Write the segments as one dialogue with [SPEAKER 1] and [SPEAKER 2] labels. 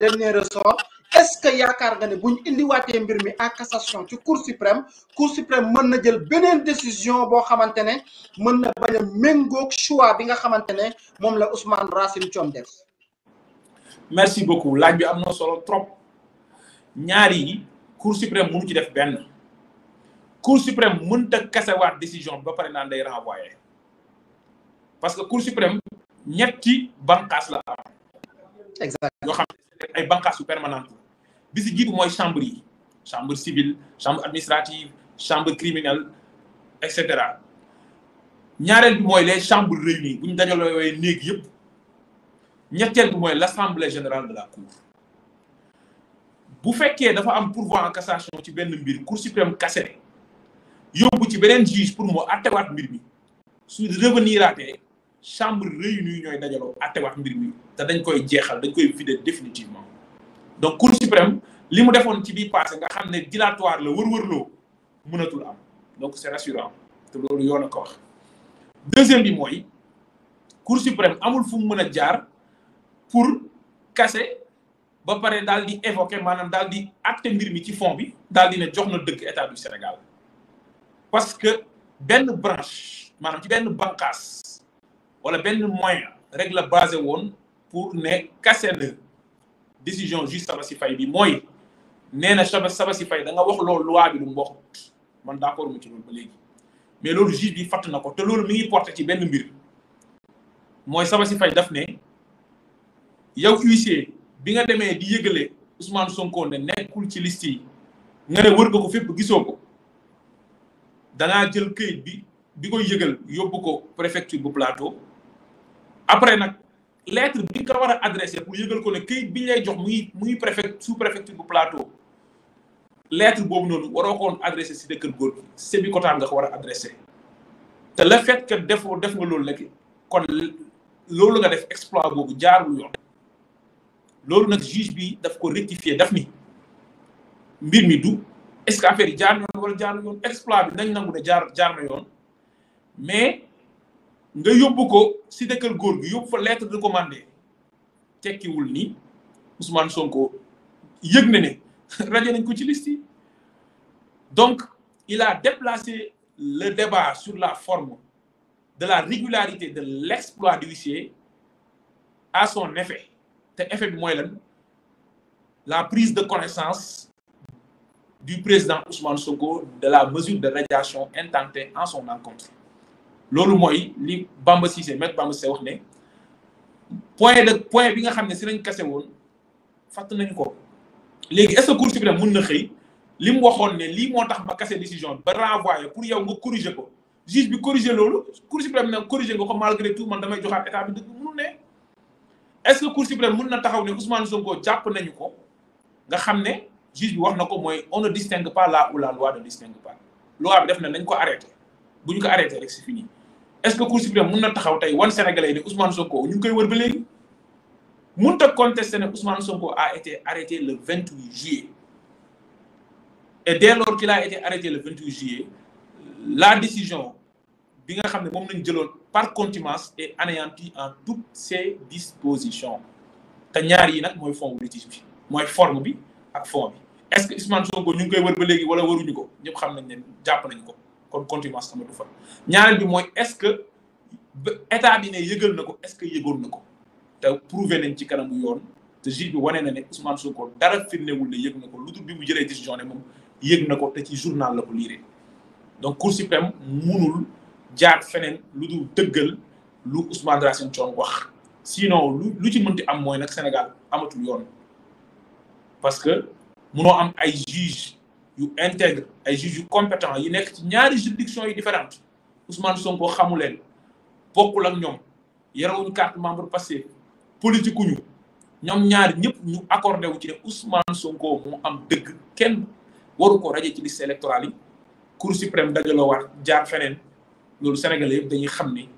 [SPEAKER 1] dernier ressort est-ce que yaakaar nga ne bu ñu indiwaatee mbir mi en cassation ci cour suprême cour suprême mën na jël beneen décision boo xamante ne mën na bañ a méngoog choix bi nga xamante ne moom la Ousmane Racine Thion def.
[SPEAKER 2] merci beaucoup laaj bi am na solo trop ñaari yi cour suprême mënu ci def benn cour suprême mënta kasewaat décision ba pare naan day renvoyer parce que cour suprême ci banqaas la am. yoo xam ay bànqaas yu permanente bi si jiitu mooy chambre yi chambre civile chambre administrative chambre criminelle et cetera ñaareel bi mooy les chambres réunies bu ñu dajalooyee néeg yëpp ñetteel bi mooy l'assemblée générale de la cour bu fekkee dafa am pourvoi en cassation ci benn mbir cour suprême cassé yóbbu ci beneen juge pour moo attewaat mbir mi su revenir chambre réunie ñooy dajaloo àttewaat mbir mi te dañ koy jeexal dañ koy vider définitivement donc cour suprême li mu defoon ci bii passé nga xam ne dilatoire la wër-wërloo mënatul am donc c'est rassurant te loolu yoon a ko wax. deuxième bi mooy cour suprême amul fu mu mën a jaar pour casser ba pare daal di évoquer maanaam daal di acte mbir mi ci fond bi daal di ne jox na dëkk état du Sénégal parce que benn branche maanaam ci benn bànqaas. wala benn moyen rek la basé woon pour ne casser décision décision juge si Faye bi mooy nee na Sabassy Faye da nga wax loolu loi lu mu wax man d'accord mu ci loolu ba léegi mais loolu juge bi fatt na ko te loolu mi ngi porté ci benn mbir mooy Sabassy Faye daf ne yow huissier bi nga demee di yëgale Ousmane Sonko ne nekkul ci liste yi nga ne wër nga ko fépp gisoo ko dangaa jël këyit bi bi koy yëgal yóbbu ko préfecture bu plateau après nag lettre bi nga ko war a adressé pour yëgal ko ne këyit bi ñu lay jox muy muy préfet sous préfecture bu plateau lettre boobu noonu waroo ko woon adressé si dëkkal góor bi Sébikotane nga ko war a adressé te le fait que defoo def nga loolu léegi kon loolu nga def exploit boobu jaarul yoon loolu nag juge bi daf ko rectifier daf ni mbir mi du est yi jaar na yoon wala jaarul yoon exploit bi nañ nangu ne jaar jaar yoon mais. nga yóbbu ko si kër góor gi yóbbu fa lettre de commandé tekkiwul ni Ousmane Sonko yëg na ne rajo nañ ko ci liste donc il a déplacé le débat sur la forme de la régularité de l'exploit du huissier à son effet te effet bi mooy la prise de connaissance du président Ousmane Sonko de la mesure de radiation intentée en son encontre loolu mooy li Bamba Cissé maître Bamba Cissé wax ne point de point bi nga xam ne si nañ kase woon fàtt nañu ko léegi est-ce que cour suprême mën na xëy li mu waxoon ne lii moo tax ba kase décision bi ba renvoyé pour yow nga corriger ko juge bi corriger loolu cour suprême nag corriger nga ko malgré tout man damay joxaat état bi dëgg mënul ne est-ce que cour suprême mën na taxaw ne Ousmane Sonko jàpp nañu ko nga xam ne juge bi wax na ko mooy on ne distingue pas là où la loi ne distingue pas loi bi def na nañ ko arrêté bu ñu ko arrêté rek c'est est-ce que Cour suprême mun na taxaw tey wan Sénégalais ne Ousmane Sonko ñu ngi koy wër ba léegi mënut a contester ne Ousmane Sonko a été arrêté le 28 juillet et dès lors la a été arrêté le 28 juillet la décision bi nga xam ne moom lañ jëloon par contimence et anéantie en toutes ses dispositions te ñaar yi nag mooy fond bu litige bi mooy forme bi ak fond bi est-ce que Ousmane Sonko ñu ngi koy wër ba léegi wala waruñu ko ñëpp xam nañ ne jàpp nañu ko. kon contumace sama du fa ñaareel bi mooy est-ce que état bi ne yëgal na ko est-ce que yëgoon na ko te prouvé nañ ci kanamu yoon te juge bi wane na ne Ousmane Sonko dara firndewul ne yëg na ko lu dul bi mu jëlee décision ne moom yëg na ko te ci journal la ko liire donc Cour suprême munul jaat feneen lu dul dëggal lu Ousmane Racine Thion wax sinon lu lu ci mënti am mooy nag Sénégal amatul yoon parce que munoo am ay juge yu intègre ay juges yu compétent yu nekk ci ñaari juridiction yi différentes Ousmane Sonko xamu leen bokkul ak ñoom yarawuñu carte membre passé politique ñu ñoom ñaari ñëpp ñu accordé wu ci ne Ousmane Sonko moo am dëgg kenn waru ko raje ci liste électorale yi Cour suprême dajaloo war jaar feneen loolu Sénégalais yëpp dañuy xam ni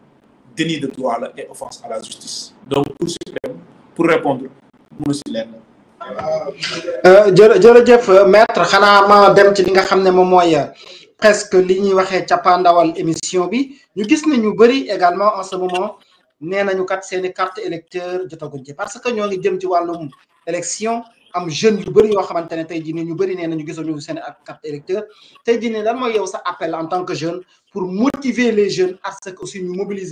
[SPEAKER 2] déni de droit la et offense à la justice
[SPEAKER 1] donc Cour suprême pour répondre mënu si leen Euh, jërë jërëjëf euh, maître xanaa ma dem ci li nga xam ne moom mooy euh, presque li ñuy waxee cappaandawal émission bi ñu gis ne ñu bëri également en ce moment nee nañu kat seeni carte électeur jotaguñ ci parce que ñoo ngi jëm ci wàllum élection am jeune yu bëri yoo xamante ne tey jii nii ñu bëri nee nañu gisoon seen ak carte électeur tey jii nii mooy yow sa appel en tant que jeune pour motiver les jeunes à ce que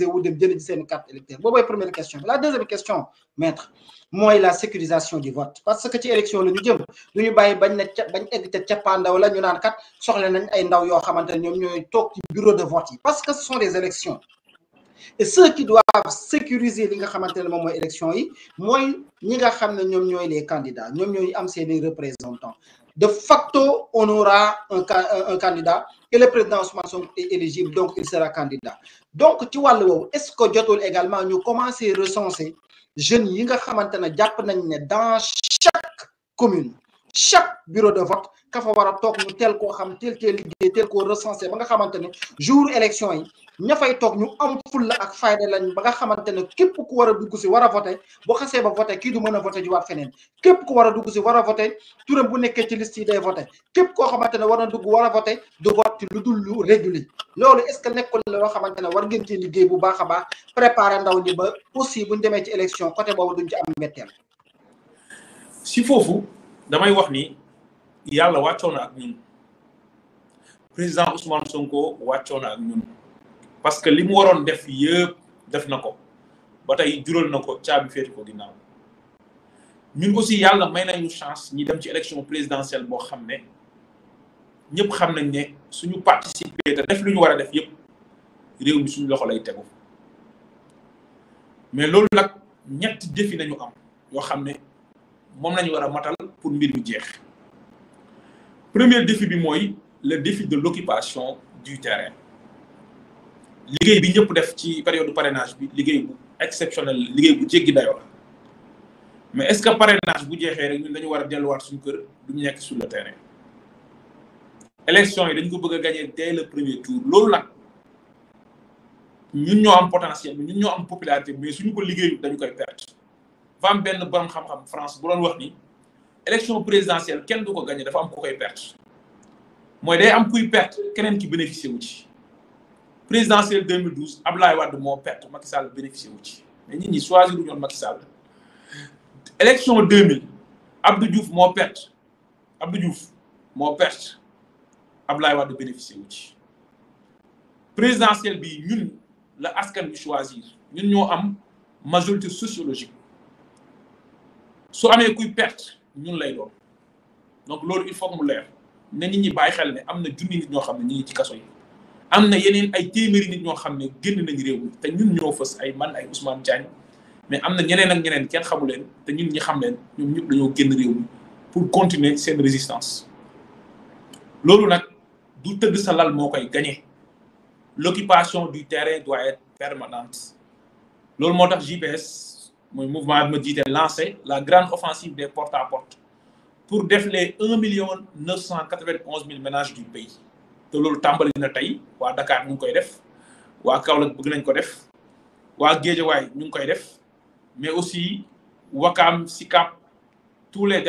[SPEAKER 1] wu dem jëlee ci seen carte électeur boobooy première question la deuxième question maître mooy la sécurisation du vote parce que ci élection la ñu jëm du ñu bàyyi bañ na bañ egg ca cappaandaw la ñu naan kat soxla nañ ay ndaw yoo xamante ne ñoom ñooy toog ci bureau de vote yi parce que ce sont des élections et ceux qui doivent sécuriser li nga xamante ne moom mooy élection yi mooy ñi nga xam ne ñoom ñooy les candidats ñoom ñooy am seeni représentants de facto on aura un un candidat et le président Ousmane éligible donc il sera candidat donc ci wàll woowu est-ce que jotul également ñu commencer recenser jeunes yi nga xamante ne jàpp nañ ne dans chaque commune chaque bureau de vote ka war a toog ñu teel koo xam teel teel liggéey teel koo recensé ba nga xamante jour élection yi ña toog ñu am fulla ak fayda lañ ba nga xamante ne képp ku war a dugg si war a voté boo xasee ba voté kii du mën a voté jiwaat feneen képp ku war a dugg si war a voté turam bu nekkee ci liste yi day voté képp koo xamante ne war na dugg war a voté du vote lu dul lu régulier loolu est ce xamante ne war ngeen ci liggéey bu baax a préparer ndaw ñi ba aussi demee ci élection côté boobu duñ ci am mbetteel
[SPEAKER 2] si foofu damay wax ni yàlla wàccoo na ak ñun président Ousmane Sonko wàccoon na ak ñun parce que li mu waroon def yëpp def na ko ba tey jural na ko caabi féeti ko ginnaaw ñun aussi yàlla may na ñu chance ñi dem ci élection présidentielle boo xam ne ñëpp xam nañ ne suñu participer te def lu ñu war a def yëpp réew mi suñu loxo lay tegu mais loolu nag ñett défi nañu am yoo xam ne moom lañu war a matal pour mbir mi jeex premier défi bi mooy le défi de l'occupation du terrain liggéey bi ñëpp def ci période de bi liggéey bu exceptionnel liggéey bu jéggi dayoo la mais est-ce que parrainage bu jeexee rek ñun dañu war a delluwaat suñu kër du ñu nekk sur le terrain élection yi dañ ko bëgg a gagner dès le premier tour loolu nag ñun ñoo am potentiel bi ñun ñoo am popularité mais suñu ko liggéeyu dañu koy perte va am benn borom xam-xam France bu doon wax ni élection présidentielle kenn du ko gagné dafa am ko koy perte mooy day am kuy perte keneen ki bénéficié wu ci présidentielle 2012 Abdoulaye Wade moo perte Macky Sall bénéficié wu ci mais nit ñi choisir wu ñoon Macky Sall élection 2000 Abdou Diouf moo perte Abdou juuf moo perte Abdoulaye Wade bénéficié wu ci présidentielle bi ñun la askan bi choisir ñun ñoo am majorité sociologique su amee kuy perte. ñun lay doon donc loolu il faut mu leer na ñi bàyyi xel ne am na junni nit ñoo xam ne ñu ngi ci kaso yi am na yeneen ay téeméeri nit ñoo xam ne génn nañ réew mi te ñun ñoo fës ay man ay Ousmane Diagne mais am na ñeneen ak ñeneen kenn xamu leen te ñun ñi xam leen ñoom ñëpp dañoo génn réew mi pour continuer seen résistance loolu nag du tëdd sa lal moo koy gagné l'occupation du terrain doit être loolu moo tax JPS mooy mouvement bi ma jiite lancé la grande offensive des porte à porte pour def le un million neuf cent quatre vingt onze mille ménages du pays te loolu tàmbali na tey waa Dakar ñu ngi koy def waa kaw Kaolack bëgg nañ ko def waa Géejawaay ñu ngi koy def mais aussi Wakaam Sicap tous les